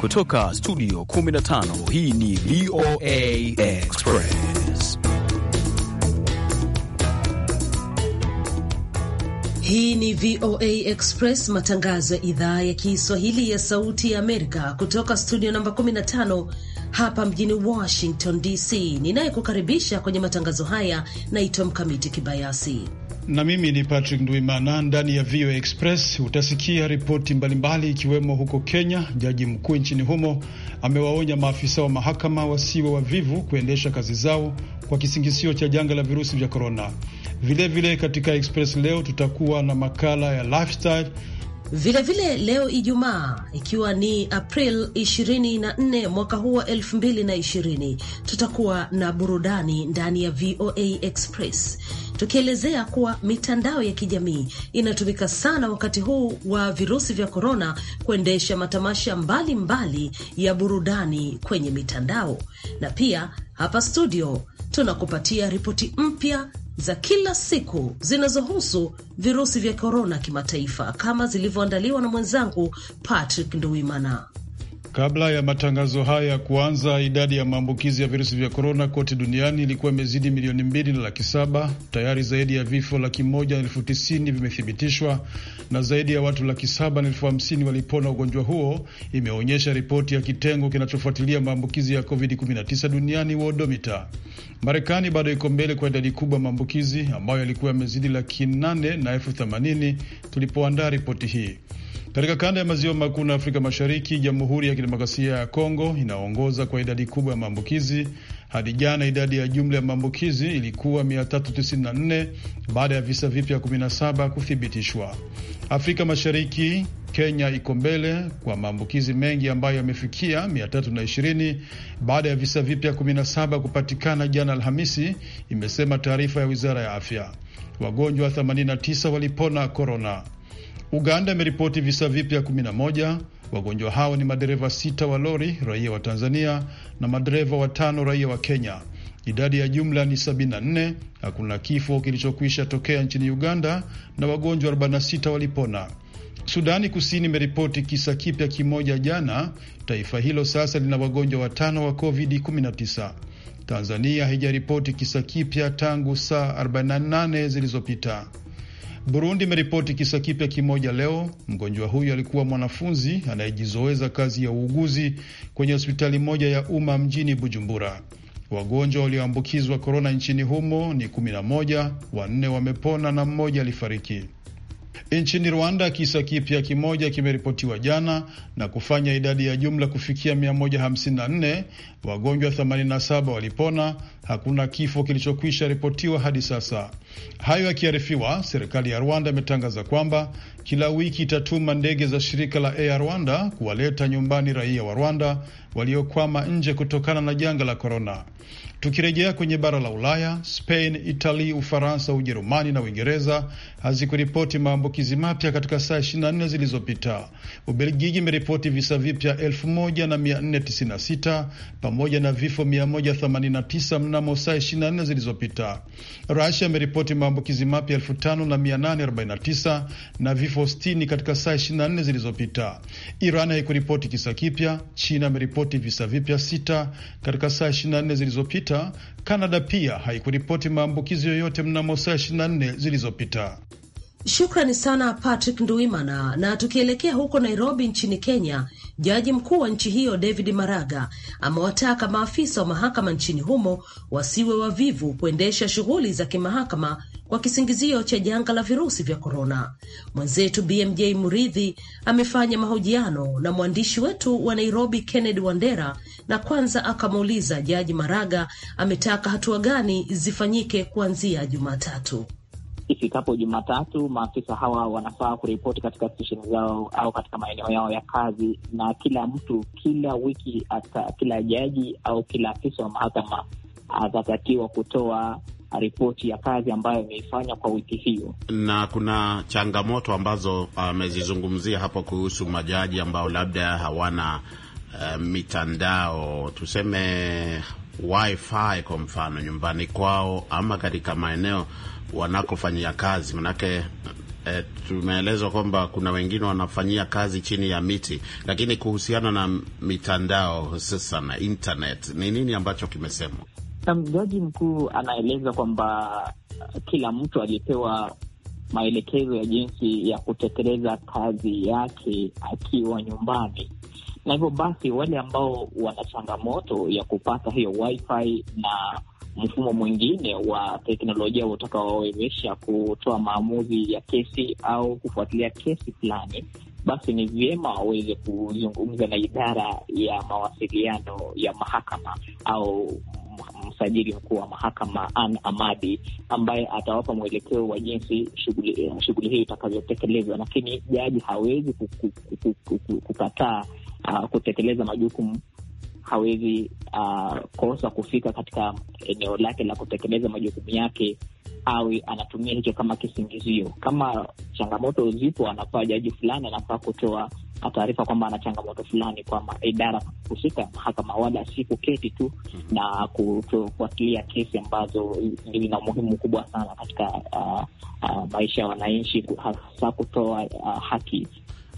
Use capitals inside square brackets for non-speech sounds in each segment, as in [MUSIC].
Kutoka studio 15 hii ni VOA Express. Hii ni VOA Express, matangazo ya idhaa ya Kiswahili ya Sauti ya Amerika kutoka studio namba 15 hapa mjini Washington DC. Ninayekukaribisha kwenye matangazo haya naitwa Mkamiti Kibayasi na mimi ni Patrick Ndwimana. Ndani ya VOA Express utasikia ripoti mbalimbali, ikiwemo huko Kenya, jaji mkuu nchini humo amewaonya maafisa wa mahakama wasiwe wavivu kuendesha kazi zao kwa kisingizio cha janga la virusi vya korona. Vilevile katika Express leo tutakuwa na makala ya lifestyle Vilevile vile leo Ijumaa, ikiwa ni April 24 mwaka huu wa 2020, tutakuwa na burudani ndani ya VOA Express tukielezea kuwa mitandao ya kijamii inatumika sana wakati huu wa virusi vya korona kuendesha matamasha mbalimbali mbali ya burudani kwenye mitandao, na pia hapa studio tunakupatia ripoti mpya za kila siku zinazohusu virusi vya korona kimataifa, kama zilivyoandaliwa na mwenzangu Patrick nduimana Kabla ya matangazo haya kuanza, idadi ya maambukizi ya virusi vya korona kote duniani ilikuwa imezidi milioni mbili na laki saba. Tayari zaidi ya vifo laki moja na elfu tisini vimethibitishwa na zaidi ya watu laki saba na elfu hamsini walipona ugonjwa huo, imeonyesha ripoti ya kitengo kinachofuatilia maambukizi ya COVID-19 duniani Wodomita. Marekani bado iko mbele kwa idadi kubwa maambukizi ambayo yalikuwa yamezidi laki nane na elfu themanini tulipoandaa ripoti hii. Katika kanda ya maziwa makuu na Afrika Mashariki, Jamhuri ya Kidemokrasia ya Kongo inaongoza kwa idadi kubwa ya maambukizi. Hadi jana idadi ya jumla ya maambukizi ilikuwa 394 baada ya visa vipya 17 kuthibitishwa. Afrika Mashariki, Kenya iko mbele kwa maambukizi mengi ambayo yamefikia 320 baada ya visa vipya 17 kupatikana jana Alhamisi, imesema taarifa ya wizara ya afya. Wagonjwa 89 walipona korona. Uganda imeripoti visa vipya 11. Wagonjwa hao ni madereva sita wa lori raia wa Tanzania na madereva watano raia wa Kenya. Idadi ya jumla ni 74. Hakuna kifo kilichokwisha tokea nchini Uganda na wagonjwa 46 walipona. Sudani Kusini imeripoti kisa kipya kimoja jana. Taifa hilo sasa lina wagonjwa watano wa COVID-19. Tanzania haijaripoti kisa kipya tangu saa 48 zilizopita. Burundi imeripoti kisa kipya kimoja leo. Mgonjwa huyu alikuwa mwanafunzi anayejizoweza kazi ya uuguzi kwenye hospitali moja ya umma mjini Bujumbura. Wagonjwa walioambukizwa korona nchini humo ni 11 wanne wamepona na mmoja alifariki. Nchini Rwanda kisa kipya kimoja kimeripotiwa jana na kufanya idadi ya jumla kufikia 154. Wagonjwa 87 walipona. Hakuna kifo kilichokwisha ripotiwa hadi sasa. Hayo yakiarifiwa, serikali ya Rwanda imetangaza kwamba kila wiki itatuma ndege za shirika la Air Rwanda kuwaleta nyumbani raia wa Rwanda waliokwama nje kutokana na janga la korona. Tukirejea kwenye bara la Ulaya, Spain, Italy, Ufaransa, Ujerumani na Uingereza hazikuripoti maambukizi mapya katika saa 24 zilizopita. Ubelgiji imeripoti visa vipya 1496 pamoja na vifo 189 mnamo saa 24 zilizopita. Rasia imeripoti maambukizi mapya 5849 na vifo 60 katika saa 24 zilizopita. Iran haikuripoti kisa kipya. China imeripoti visa vipya 6 katika saa 24 zilizopita. Kanada pia haikuripoti maambukizi yoyote mnamo saa 24 zilizopita. Shukrani sana Patrick Nduimana. Na tukielekea huko Nairobi nchini Kenya, jaji mkuu wa nchi hiyo David Maraga amewataka maafisa wa mahakama nchini humo wasiwe wavivu kuendesha shughuli za kimahakama kwa kisingizio cha janga la virusi vya korona. Mwenzetu BMJ Muridhi amefanya mahojiano na mwandishi wetu wa Nairobi Kennedy Wandera, na kwanza akamuuliza Jaji Maraga ametaka hatua gani zifanyike kuanzia Jumatatu ifikapo Jumatatu, maafisa hawa wanafaa kuripoti katika stesheni zao au katika maeneo yao ya kazi, na kila mtu kila wiki ata, kila jaji au kila afisa wa mahakama atatakiwa kutoa ripoti ya kazi ambayo imeifanya kwa wiki hiyo. Na kuna changamoto ambazo amezizungumzia uh, hapo kuhusu majaji ambao labda hawana uh, mitandao tuseme wifi kwa mfano nyumbani kwao ama katika maeneo wanakofanyia kazi, manake E, tumeelezwa kwamba kuna wengine wanafanyia kazi chini ya miti, lakini kuhusiana na mitandao hususan na internet, ni nini ambacho kimesemwa na mjaji mkuu? Anaeleza kwamba eh, kila mtu alipewa maelekezo ya jinsi ya kutekeleza kazi yake akiwa nyumbani, na hivyo basi wale ambao wana changamoto ya kupata hiyo wifi na mfumo mwingine wa teknolojia utakaowezesha kutoa maamuzi ya kesi au kufuatilia kesi fulani, basi ni vyema waweze kuzungumza na idara ya mawasiliano ya mahakama au msajili mkuu wa mahakama An Amadi, ambaye atawapa mwelekeo wa jinsi shughuli shughuli hiyo itakavyotekelezwa, lakini jaji hawezi kukataa ah, kutekeleza majukumu hawezi uh, kosa kufika katika eneo lake la kutekeleza majukumu yake, awe anatumia hicho kama kisingizio. Kama changamoto zipo, anafaa jaji fulani anafaa kutoa taarifa kwamba ana changamoto fulani kwa idara husika mahakama, wala si kuketi tu mhm. na kutofuatilia kesi ambazo zina umuhimu mkubwa sana katika uh, uh, maisha ya wananchi, hasa kutoa uh, haki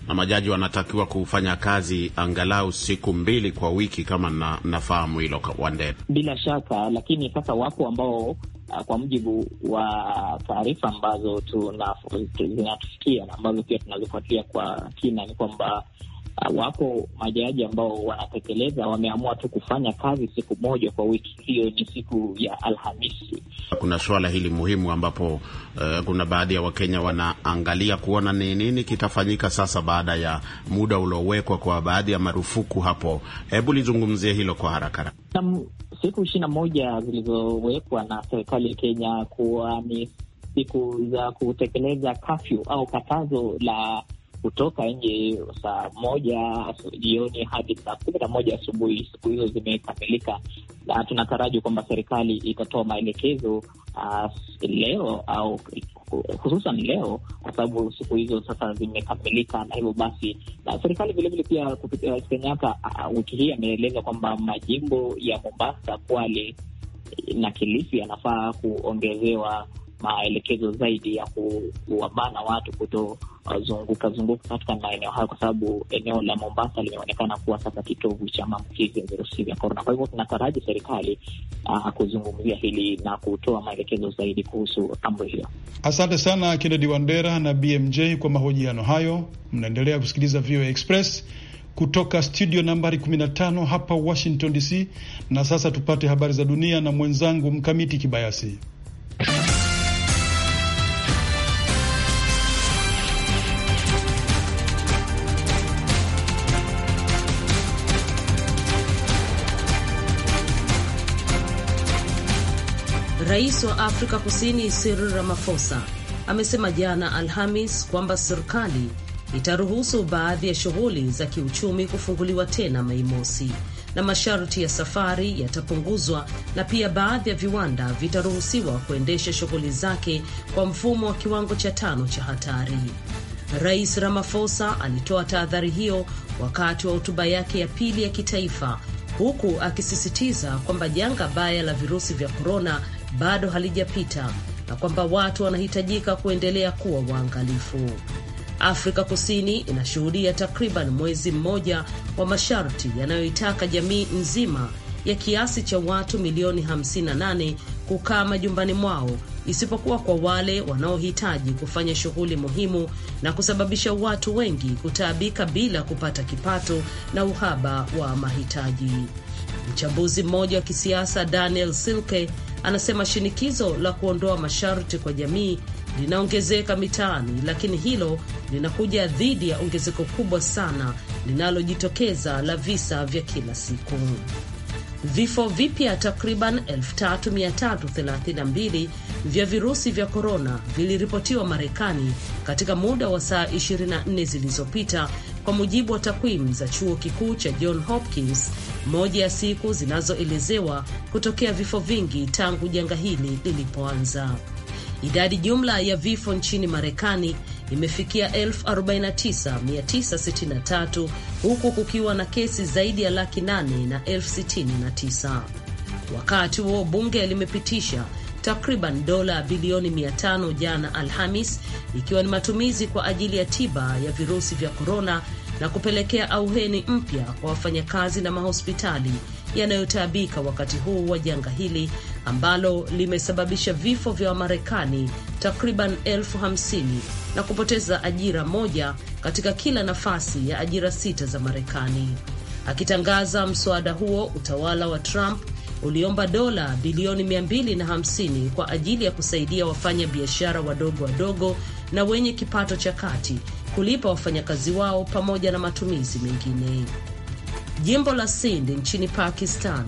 na majaji wanatakiwa kufanya kazi angalau siku mbili kwa wiki, kama na, nafahamu hilo Wandera. Bila shaka, lakini sasa wapo ambao ah, kwa mujibu wa taarifa ambazo zinatufikia na ambazo pia tunazofuatilia kwa kina ni kwamba Uh, wapo majaji ambao wanatekeleza, wameamua tu kufanya kazi siku moja kwa wiki, hiyo ni siku ya Alhamisi kuna swala hili muhimu ambapo uh, kuna baadhi ya Wakenya wanaangalia kuona ni nini kitafanyika sasa baada ya muda uliowekwa kwa baadhi ya marufuku hapo. Hebu lizungumzie hilo kwa haraka. Siku ishirini na moja zilizowekwa na serikali ya Kenya kuwa ni siku za kutekeleza kafyu au katazo la kutoka nje saa moja jioni hadi saa kumi na moja asubuhi. Siku hizo zimekamilika, na tunataraji kwamba serikali itatoa maelekezo uh, leo au hususan leo, kwa sababu siku hizo sasa zimekamilika, na hivyo basi, na serikali vilevile pia kupitia Rais Kenyatta uh, wiki hii ameeleza kwamba majimbo ya Mombasa, Kwale na Kilifi yanafaa kuongezewa maelekezo zaidi ya kuwabana watu kutozunguka zunguka katika maeneo hayo, kwa sababu eneo la Mombasa limeonekana kuwa sasa kitovu cha maambukizi ya virusi vya korona. Kwa hivyo tunataraji serikali uh, kuzungumzia hili na kutoa maelekezo zaidi kuhusu amri hiyo. Asante sana Kennedy Wandera na BMJ kwa mahojiano hayo. Mnaendelea kusikiliza VOA Express kutoka studio nambari 15 hapa Washington DC. Na sasa tupate habari za dunia na mwenzangu Mkamiti Kibayasi. Rais wa Afrika Kusini Cyril Ramaphosa amesema jana Alhamis kwamba serikali itaruhusu baadhi ya shughuli za kiuchumi kufunguliwa tena Mei Mosi, na masharti ya safari yatapunguzwa na pia baadhi ya viwanda vitaruhusiwa kuendesha shughuli zake kwa mfumo wa kiwango cha tano cha hatari. Rais Ramaphosa alitoa tahadhari hiyo wakati wa hotuba yake ya pili ya kitaifa, huku akisisitiza kwamba janga baya la virusi vya korona bado halijapita na kwamba watu wanahitajika kuendelea kuwa waangalifu. Afrika Kusini inashuhudia takriban mwezi mmoja wa masharti yanayoitaka jamii nzima ya kiasi cha watu milioni 58 kukaa majumbani mwao isipokuwa kwa wale wanaohitaji kufanya shughuli muhimu na kusababisha watu wengi kutaabika bila kupata kipato na uhaba wa mahitaji. Mchambuzi mmoja wa kisiasa Daniel Silke Anasema shinikizo la kuondoa masharti kwa jamii linaongezeka mitaani, lakini hilo linakuja dhidi ya ongezeko kubwa sana linalojitokeza la visa vya kila siku. Vifo vipya takriban 3332 vya virusi vya korona viliripotiwa Marekani katika muda wa saa 24 zilizopita, kwa mujibu wa takwimu za chuo kikuu cha John Hopkins, moja ya siku zinazoelezewa kutokea vifo vingi tangu janga hili lilipoanza. Idadi jumla ya vifo nchini Marekani imefikia 49963 huku kukiwa na kesi zaidi ya laki 8 na elfu Wakati huo bunge limepitisha takriban dola bilioni 500 jana Alhamis, ikiwa ni matumizi kwa ajili ya tiba ya virusi vya korona na kupelekea auheni mpya kwa wafanyakazi na mahospitali yanayotaabika wakati huu wa janga hili ambalo limesababisha vifo vya Wamarekani takriban elfu hamsini na kupoteza ajira moja katika kila nafasi ya ajira sita za Marekani. Akitangaza mswada huo, utawala wa Trump uliomba dola bilioni 250 kwa ajili ya kusaidia wafanya biashara wadogo wadogo na wenye kipato cha kati kulipa wafanyakazi wao pamoja na matumizi mengine. Jimbo la Sind nchini Pakistan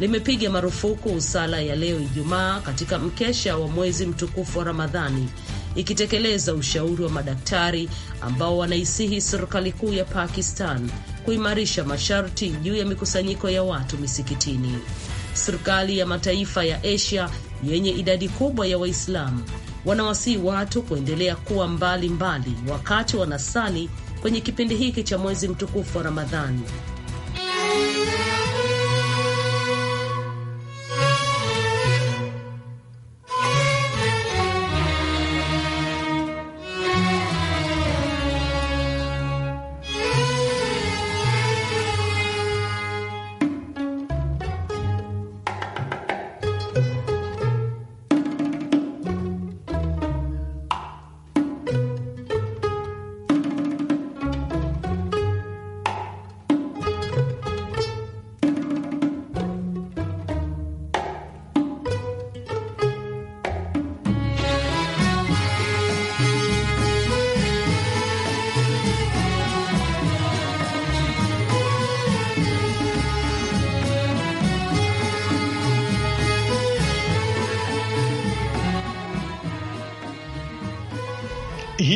limepiga marufuku sala ya leo Ijumaa katika mkesha wa mwezi mtukufu wa Ramadhani, ikitekeleza ushauri wa madaktari ambao wanaisihi serikali kuu ya Pakistan kuimarisha masharti juu ya mikusanyiko ya watu misikitini serikali ya mataifa ya Asia yenye idadi kubwa ya Waislamu wanawasihi watu kuendelea kuwa mbali mbali wakati wanasali kwenye kipindi hiki cha mwezi mtukufu wa Ramadhani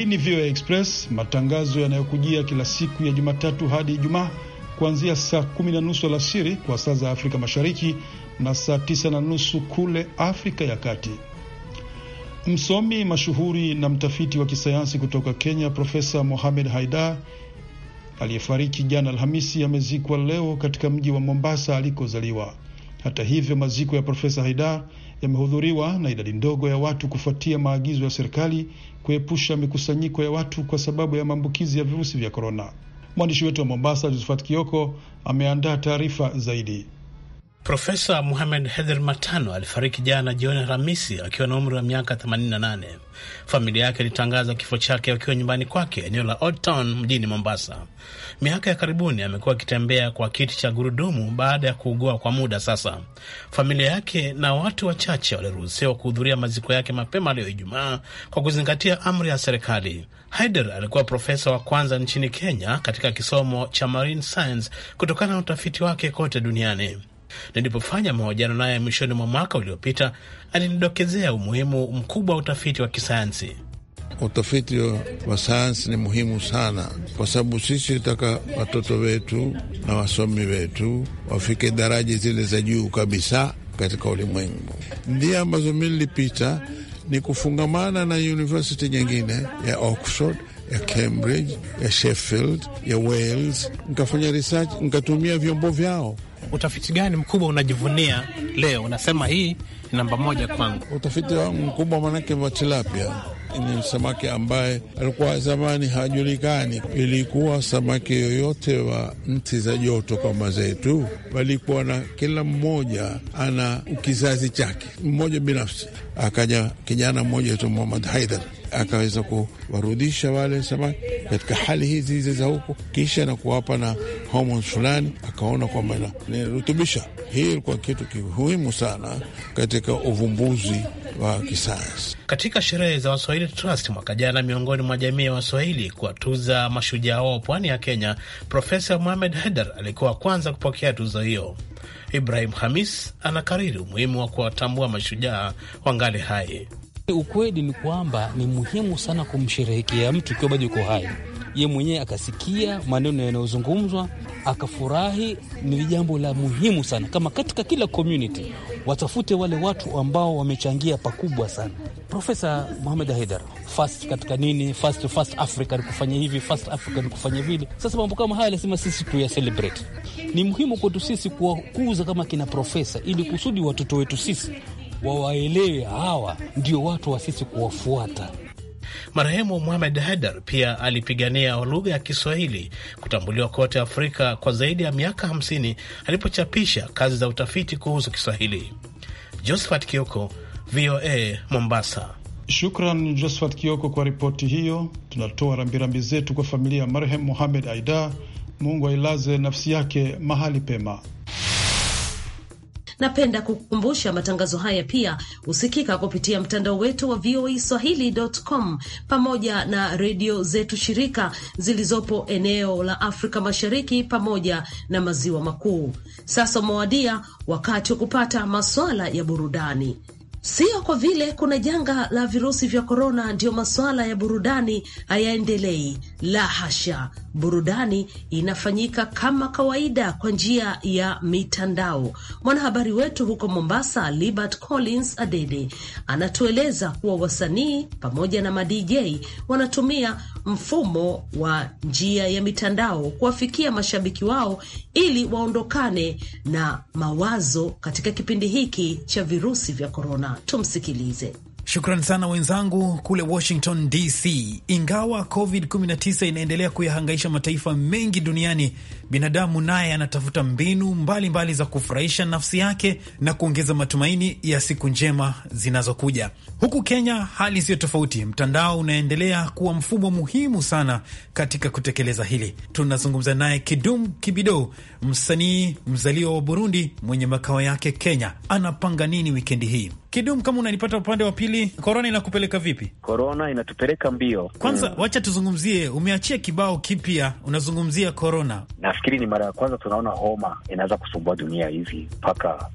ni VOA Express, matangazo yanayokujia kila siku ya Jumatatu hadi Ijumaa kuanzia saa kumi na nusu alasiri kwa saa za Afrika Mashariki na saa tisa na nusu kule Afrika ya Kati. Msomi mashuhuri na mtafiti wa kisayansi kutoka Kenya Profesa Mohamed Haidar aliyefariki jana Alhamisi amezikwa leo katika mji wa Mombasa alikozaliwa. Hata hivyo, maziko ya Profesa Haidar yamehudhuriwa na idadi ndogo ya watu kufuatia maagizo ya serikali kuepusha mikusanyiko ya watu kwa sababu ya maambukizi ya virusi vya korona. Mwandishi wetu wa Mombasa, Josephat Kioko, ameandaa taarifa zaidi. Profesa Muhamed Hedher Matano alifariki jana jioni Alhamisi akiwa na umri wa miaka 88. Familia yake ilitangaza kifo chake akiwa nyumbani kwake eneo la Old Town mjini Mombasa. Miaka ya karibuni amekuwa akitembea kwa kiti cha gurudumu baada ya kuugua kwa muda sasa. Familia yake na watu wachache waliruhusiwa kuhudhuria maziko yake mapema leo Ijumaa kwa kuzingatia amri ya serikali. Haider alikuwa profesa wa kwanza nchini Kenya katika kisomo cha marine science kutokana na utafiti wake kote duniani. Nilipofanya mahojiano naye mwishoni mwa mwaka uliopita, alinidokezea umuhimu mkubwa wa utafiti wa kisayansi. Utafiti wa sayansi ni muhimu sana, kwa sababu sisi taka watoto wetu na wasomi wetu wafike daraja zile za juu kabisa katika ulimwengu. Ndia ambazo mi nilipita ni kufungamana na university nyingine ya Oxford ya Cambridge, ya Sheffield, ya Wales, nikafanya research, nikatumia vyombo vyao. Utafiti gani mkubwa unajivunia leo, unasema hii ni namba moja kwangu? Utafiti wangu mkubwa manake wa tilapia ni samaki ambaye alikuwa zamani hajulikani. Ilikuwa samaki yoyote wa nchi za joto kama zetu, walikuwa na kila mmoja ana kizazi chake, mmoja binafsi akaja kijana mmoja aitwa muhamad Haidar akaweza kuwarudisha wale samaki katika hali hizi hizi za huku, kisha na kuwapa na homon fulani, akaona kwamba inarutubisha. Hii ilikuwa kitu kimuhimu sana katika uvumbuzi wa kisayansi. Katika sherehe za Waswahili Trust mwaka jana, miongoni mwa jamii ya Waswahili kuwatuza mashujaa wao pwani ya Kenya, Profesa Muhamed Haidar alikuwa kwanza kupokea tuzo hiyo. Ibrahim Hamis anakariri umuhimu wa kuwatambua mashujaa wangali hai. Ukweli ni kwamba ni muhimu sana kumsherehekea mtu ukiwa bado uko hai ye mwenyewe akasikia maneno yanayozungumzwa akafurahi. Ni jambo la muhimu sana, kama katika kila community watafute wale watu ambao wamechangia pakubwa sana. Profesa Muhamed Haidar, fast katika nini, fast fast Africa kufanya hivi, fast Africa kufanya vile. Sasa mambo kama haya lazima sisi tuya celebrate. Ni muhimu kwetu sisi kuwakuza kama kina profesa, ili kusudi watoto wetu sisi wawaelewe, hawa ndio watu wa sisi kuwafuata. Marehemu muhamed Haidar pia alipigania lugha ya Kiswahili kutambuliwa kote Afrika kwa zaidi ya miaka 50 alipochapisha kazi za utafiti kuhusu Kiswahili. Josephat Kioko, VOA Mombasa. Shukran Josephat Kioko kwa ripoti hiyo. Tunatoa rambirambi zetu kwa familia ya marehemu Mohamed Aida. Mungu ailaze nafsi yake mahali pema. Napenda kukukumbusha matangazo haya pia husikika kupitia mtandao wetu wa VOA Swahili.com pamoja na redio zetu shirika zilizopo eneo la Afrika Mashariki pamoja na maziwa makuu. Sasa umewadia wakati wa kupata maswala ya burudani. Sio kwa vile kuna janga la virusi vya korona ndiyo masuala ya burudani hayaendelei. La hasha, burudani inafanyika kama kawaida kwa njia ya mitandao. Mwanahabari wetu huko Mombasa, Libert Collins Adede, anatueleza kuwa wasanii pamoja na madj wanatumia mfumo wa njia ya mitandao kuwafikia mashabiki wao ili waondokane na mawazo katika kipindi hiki cha virusi vya korona. Tumsikilize. Shukran sana wenzangu kule Washington DC. Ingawa COVID-19 inaendelea kuyahangaisha mataifa mengi duniani, binadamu naye anatafuta mbinu mbalimbali mbali za kufurahisha nafsi yake na kuongeza matumaini ya siku njema zinazokuja. Huku Kenya hali siyo tofauti, mtandao unaendelea kuwa mfumo muhimu sana katika kutekeleza hili. Tunazungumza naye Kidum Kibido, msanii mzaliwa wa Burundi mwenye makao yake Kenya. Anapanga nini wikendi hii? Kidum, kama unanipata upande wa pili, korona inakupeleka vipi? Korona inatupeleka mbio. Kwanza mm, wacha tuzungumzie, umeachia kibao kipya, unazungumzia korona. Nafikiri ni mara ya kwanza tunaona homa inaweza kusumbua dunia hivi mpaka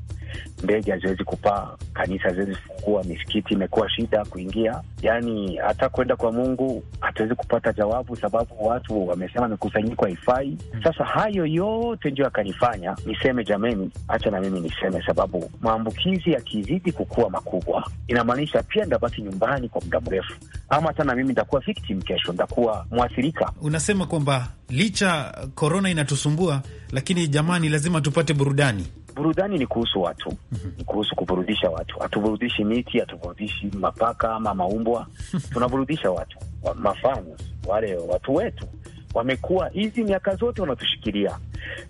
ndege haziwezi kupaa, kanisa haziwezi fungua, misikiti imekuwa shida kuingia, yani hata kwenda kwa Mungu hatuwezi kupata jawabu, sababu watu wamesema mikusanyiko haifai. Sasa hayo yote ndio yakanifanya niseme jameni, hacha na mimi niseme, sababu maambukizi yakizidi kukua makubwa, inamaanisha pia ndabaki nyumbani kwa muda mrefu, ama hata na mimi nitakuwa victim kesho, nitakuwa mwathirika. Unasema kwamba licha korona inatusumbua, lakini jamani, lazima tupate burudani. Burudani ni kuhusu watu, mhm. ni kuhusu kuburudisha watu. Hatuburudishi miti, hatuburudishi mapaka ama maumbwa, [LAUGHS] tunaburudisha watu wa, mafani wale watu wetu wamekuwa hizi miaka zote wanatushikilia.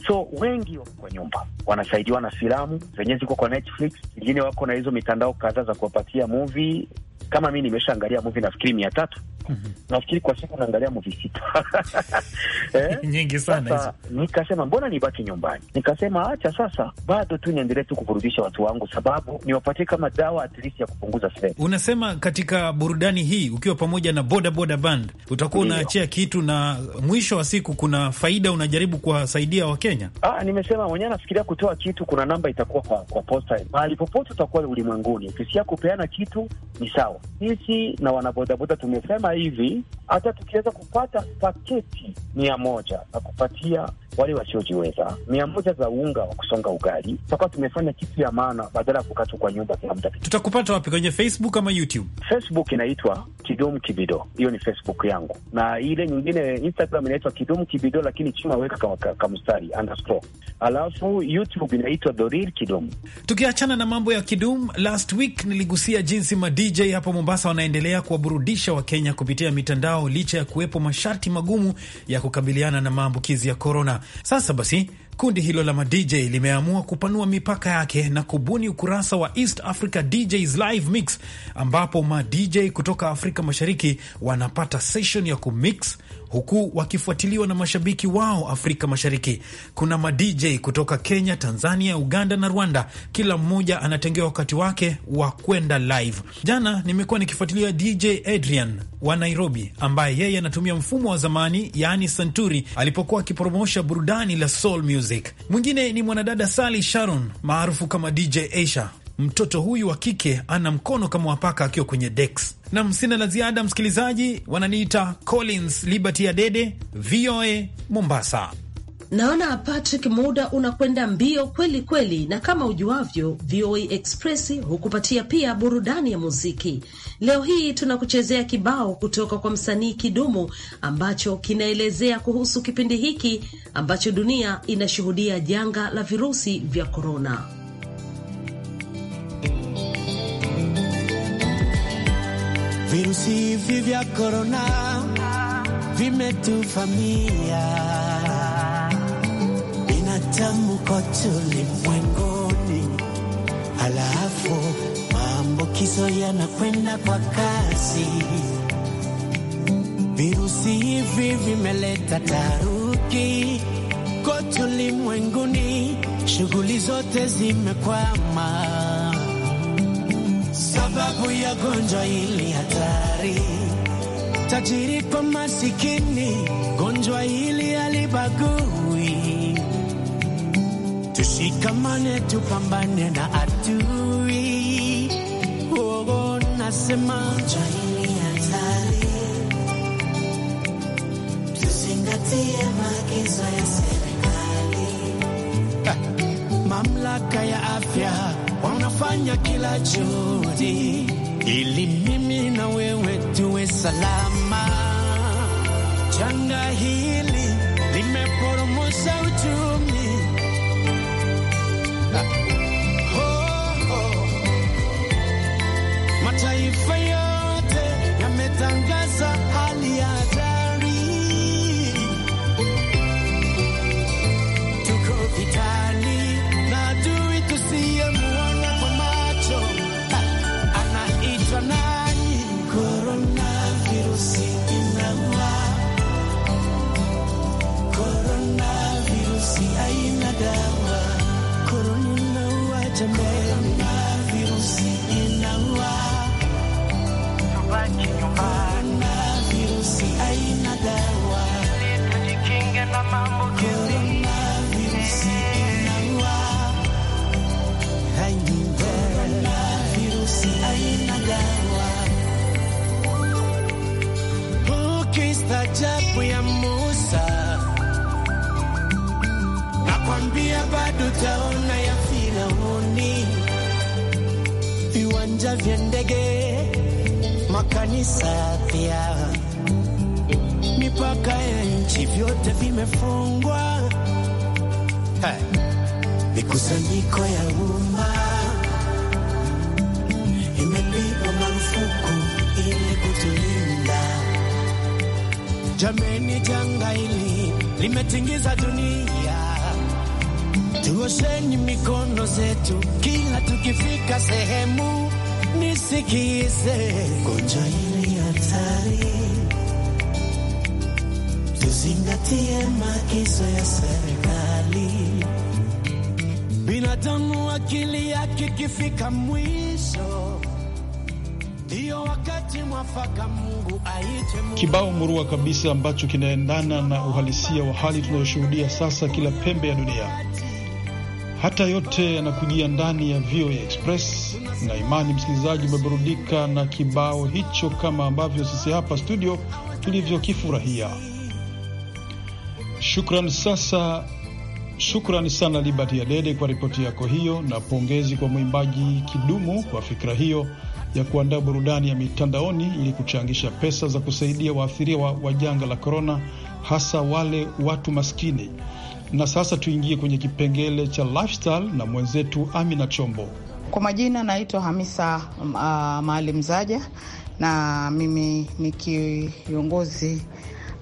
So wengi wako kwa nyumba, wanasaidiwa na filamu zenyewe ziko kwa Netflix, wengine wako na hizo mitandao kadhaa za kuwapatia movie kama mi nimeshaangalia movie nafikiri mia tatu mm -hmm. Nafikiri kwa siku naangalia movie sita [LAUGHS] eh? nyingi sana sasa, nikasema mbona nibaki nyumbani, nikasema acha sasa, bado tu niendelee tu kuburudisha watu wangu, sababu niwapatie kama dawa at least ya kupunguza stress. Unasema katika burudani hii ukiwa pamoja na boda boda band utakuwa unaachia kitu, na mwisho wa siku kuna faida unajaribu kuwasaidia Wakenya. Ah, nimesema mwenyewe nafikiria kutoa kitu, kuna namba itakuwa kwa, kwa posta mahali popote utakuwa ulimwenguni, ukisikia kupeana kitu ni sawa yao. Sisi na wanabodaboda tumesema hivi, hata tukiweza kupata paketi mia moja na kupatia wale wasiojiweza, mia moja za unga wa kusonga ugali. Tutakuwa tumefanya kitu ya maana badala ya kukatwa kwa nyumba kila mda. Tutakupata wapi? Kwenye Facebook ama YouTube? Facebook inaitwa Kidum Kibido, hiyo ni Facebook yangu, na ile nyingine Instagram inaitwa Kidum Kibido, lakini chuma weka kamstari ka, ka underscore, alafu YouTube inaitwa Doril Kidum. Tukiachana na mambo ya Kidum, last week niligusia jinsi ma DJ hapo Mombasa wanaendelea kuwaburudisha Wakenya kupitia mitandao licha ya kuwepo masharti magumu ya kukabiliana na maambukizi ya korona. Sasa basi kundi hilo la madj limeamua kupanua mipaka yake na kubuni ukurasa wa East Africa DJs Live Mix, ambapo madj kutoka Afrika Mashariki wanapata session ya kumix huku wakifuatiliwa na mashabiki wao Afrika Mashariki. Kuna madj kutoka Kenya, Tanzania, Uganda na Rwanda, kila mmoja anatengewa wakati wake wa kwenda live. Jana nimekuwa nikifuatilia DJ Adrian wa Nairobi, ambaye yeye anatumia mfumo wa zamani, yaani santuri, alipokuwa akipromosha burudani la soul music. Mwingine ni mwanadada Sali Sharon maarufu kama DJ Asia mtoto huyu wa kike ana mkono kama wapaka akiwa kwenye Dex. Nam, sina la ziada msikilizaji. Wananiita Collins Liberty Adede, VOA Mombasa. Naona Patrick, muda unakwenda mbio kweli kweli, na kama ujuavyo, VOA Express hukupatia pia burudani ya muziki. Leo hii tunakuchezea kibao kutoka kwa msanii Kidumu ambacho kinaelezea kuhusu kipindi hiki ambacho dunia inashuhudia janga la virusi vya korona. Virusi hivi vya korona vimetufamia binadamu kote ulimwenguni, halafu maambukizo yanakwenda kwa kasi. Virusi hivi vimeleta taharuki kote ulimwenguni, shughuli zote zimekwama sababu ya gonjwa hili hatari, tajiri kwa masikini, gonjwa hili halibagui. Tushikamane, tupambane na adui. Oh, nasema gonjwa hili hatari, tuzingatie maagizo ya serikali, [LAUGHS] mamlaka ya afya wanafanya kila juhudi ili mimi na wewe tuwe salama. Janga hili limeporomosa uchumi Staajabu ya Musa nakwambia, bado taona ya viwanja vya ndege, makanisa pia, mipaka ya nchi, vyote vimefungwa. Mikusanyiko ya umma imepigwa marufuku ili kutulinda. Jameni, janga hili limetingiza dunia. Tuosheni mikono zetu kila tukifika sehemu nisikize, gonjwa hili hatari, tuzingatie maagizo ya serikali. Binadamu akili yake mwisho Kibao murua kabisa ambacho kinaendana na uhalisia wa hali tunayoshuhudia sasa kila pembe ya dunia. Hata yote yanakujia ndani ya VOA Express na imani, msikilizaji, umeburudika na kibao hicho kama ambavyo sisi hapa studio tulivyokifurahia. Shukran sasa, shukrani sana Liberty Adede kwa ripoti yako hiyo, na pongezi kwa mwimbaji Kidumu kwa fikira hiyo ya kuandaa burudani ya mitandaoni ili kuchangisha pesa za kusaidia waathiriwa wa janga la korona, hasa wale watu maskini. Na sasa tuingie kwenye kipengele cha lifestyle na mwenzetu Amina Chombo. Kwa majina naitwa Hamisa uh, Maalim Zaja na mimi ni kiongozi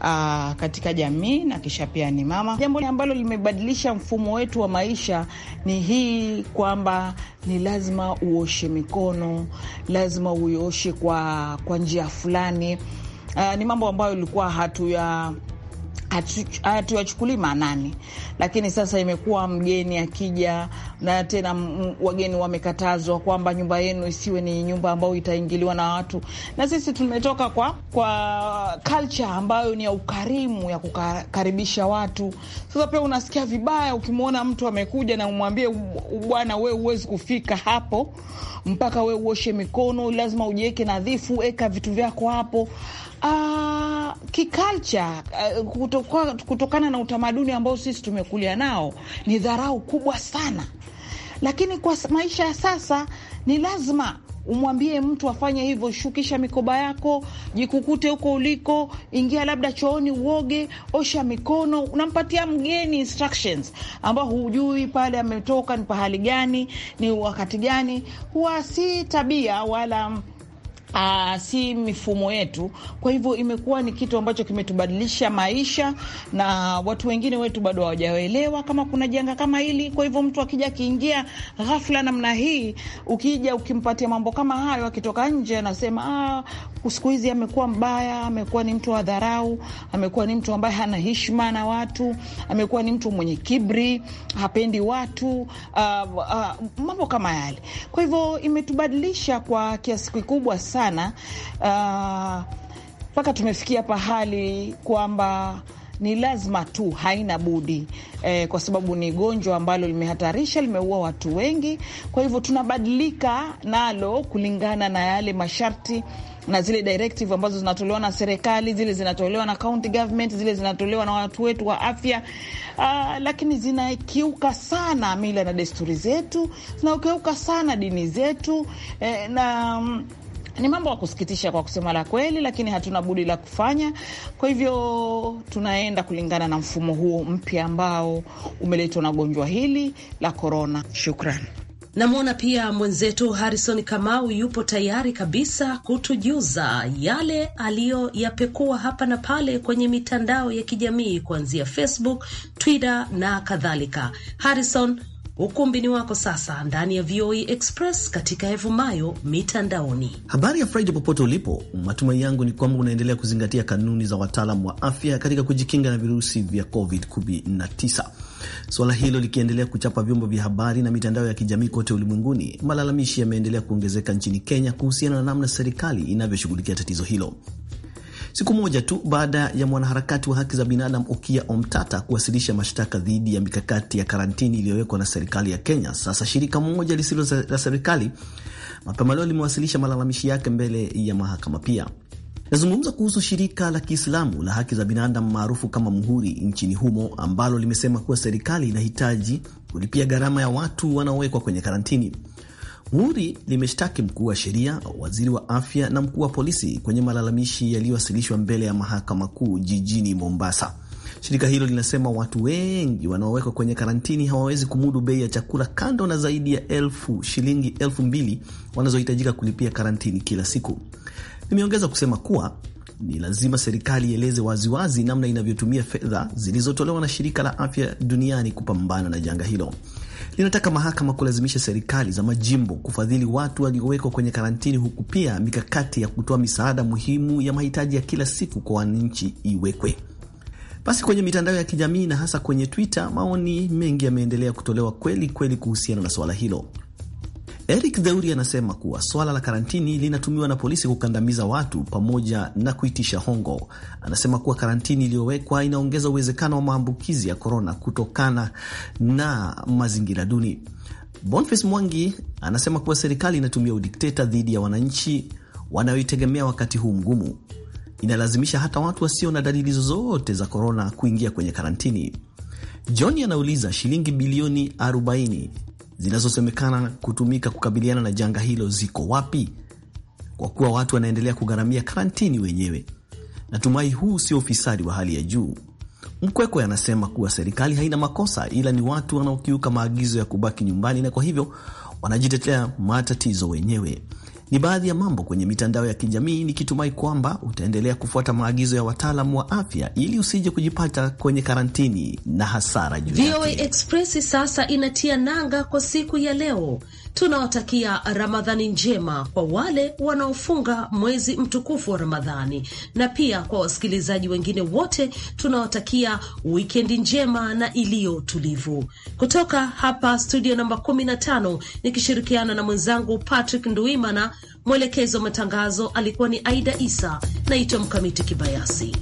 Uh, katika jamii na kisha pia ni mama. Jambo ambalo limebadilisha mfumo wetu wa maisha ni hii kwamba ni lazima uoshe mikono, lazima uioshe kwa, kwa njia fulani. Uh, ni mambo ambayo ilikuwa hatuya hatuyachukulii maanani, lakini sasa imekuwa mgeni akija na tena wageni wamekatazwa kwamba nyumba yenu isiwe ni nyumba ambayo itaingiliwa na watu, na sisi tumetoka kwa kwa culture ambayo ni ya ukarimu, ya kukaribisha watu. Sasa pia unasikia vibaya ukimwona mtu amekuja na umwambie bwana, we huwezi kufika hapo mpaka we uoshe mikono, lazima ujiweke nadhifu, weka vitu vyako hapo. Aa, ah, kikalcha eh, kutoka, kutokana na utamaduni ambao sisi tumekulia nao ni dharau kubwa sana, lakini kwa maisha ya sasa ni lazima umwambie mtu afanye hivyo. Shukisha mikoba yako, jikukute huko uliko, ingia labda chooni, uoge, osha mikono. Unampatia mgeni instructions ambao hujui pale ametoka ni pahali gani, ni wakati gani. Huwa si tabia wala Uh, si mifumo yetu. Kwa hivyo imekuwa ni kitu ambacho kimetubadilisha maisha, na watu wengine wetu bado hawajaelewa kama kuna janga kama hili. Kwa hivyo mtu akija akiingia ghafla namna hii, ukija ukimpatia mambo kama hayo, akitoka nje anasema ah, siku hizi amekuwa mbaya, amekuwa ni mtu wa dharau, amekuwa ni mtu ambaye hana heshima na watu, amekuwa ni mtu mwenye kibri, hapendi watu, uh, uh, mambo kama yale. Kwa hivyo imetubadilisha kwa kiasi kikubwa sana sana ah, mpaka uh, tumefikia pahali kwamba ni lazima tu, haina budi eh, kwa sababu ni gonjwa ambalo limehatarisha, limeua watu wengi. Kwa hivyo tunabadilika nalo kulingana na yale masharti na zile directive ambazo zinatolewa na serikali, zile zinatolewa na county government, zile zinatolewa na watu wetu wa afya. Uh, lakini zinakiuka sana mila na desturi zetu, zinakiuka sana dini zetu eh, na ni mambo ya kusikitisha kwa kusema la kweli, lakini hatuna budi la kufanya. Kwa hivyo tunaenda kulingana na mfumo huo mpya ambao umeletwa na gonjwa hili la korona. Shukran. Namwona pia mwenzetu harison Kamau yupo tayari kabisa kutujuza yale aliyoyapekua hapa na pale kwenye mitandao ya kijamii kuanzia Facebook, Twitter na kadhalika. Harison, Ukumbi ni wako sasa, ndani ya VOA e Express katika evumayo mitandaoni. Habari ya Friday popote ulipo, matumaini yangu ni kwamba unaendelea kuzingatia kanuni za wataalamu wa afya katika kujikinga na virusi vya COVID-19, suala hilo likiendelea kuchapa vyombo vya habari na mitandao ya kijamii kote ulimwenguni. Malalamishi yameendelea kuongezeka nchini Kenya kuhusiana na namna serikali inavyoshughulikia tatizo hilo siku moja tu baada ya mwanaharakati wa haki za binadamu ukia Omtata kuwasilisha mashtaka dhidi ya mikakati ya karantini iliyowekwa na serikali ya Kenya. Sasa shirika moja lisilo la serikali mapema leo limewasilisha malalamishi yake mbele ya mahakama pia. Nazungumza kuhusu shirika la Kiislamu la haki za binadamu maarufu kama Muhuri nchini humo ambalo limesema kuwa serikali inahitaji kulipia gharama ya watu wanaowekwa kwenye karantini. URI limeshtaki mkuu wa sheria, waziri wa afya na mkuu wa polisi kwenye malalamishi yaliyowasilishwa mbele ya mahakama kuu jijini Mombasa. Shirika hilo linasema watu wengi wanaowekwa kwenye karantini hawawezi kumudu bei ya chakula, kando na zaidi ya elfu shilingi elfu mbili wanazohitajika kulipia karantini kila siku. Limeongeza kusema kuwa ni lazima serikali ieleze waziwazi namna inavyotumia fedha zilizotolewa na shirika la afya duniani kupambana na janga hilo linataka mahakama kulazimisha serikali za majimbo kufadhili watu waliowekwa kwenye karantini, huku pia mikakati ya kutoa misaada muhimu ya mahitaji ya kila siku kwa wananchi iwekwe. Basi kwenye mitandao ya kijamii na hasa kwenye Twitter, maoni mengi yameendelea kutolewa kweli kweli kuhusiana na suala hilo. Eric Dheuri anasema kuwa swala la karantini linatumiwa na polisi kukandamiza watu pamoja na kuitisha hongo. Anasema kuwa karantini iliyowekwa inaongeza uwezekano wa maambukizi ya korona kutokana na mazingira duni. Boniface Mwangi anasema kuwa serikali inatumia udikteta dhidi ya wananchi wanayoitegemea wakati huu mgumu, inalazimisha hata watu wasio na dalili zozote za korona kuingia kwenye karantini. John anauliza shilingi bilioni 40 zinazosemekana kutumika kukabiliana na janga hilo ziko wapi? Kwa kuwa watu wanaendelea kugharamia karantini wenyewe. Natumai huu sio ufisadi wa hali ya juu. Mkwekwe anasema kuwa serikali haina makosa, ila ni watu wanaokiuka maagizo ya kubaki nyumbani na kwa hivyo wanajitetea matatizo wenyewe. Ni baadhi ya mambo kwenye mitandao ya kijamii, nikitumai kwamba utaendelea kufuata maagizo ya wataalamu wa afya ili usije kujipata kwenye karantini na hasara juu yake. VOA Express sasa inatia nanga kwa siku ya leo tunawatakia Ramadhani njema kwa wale wanaofunga mwezi mtukufu wa Ramadhani, na pia kwa wasikilizaji wengine wote tunawatakia wikendi njema na iliyo tulivu. Kutoka hapa studio namba 15 nikishirikiana na mwenzangu Patrick Nduimana, mwelekezo wa matangazo alikuwa ni Aida Isa. Naitwa Mkamiti Kibayasi.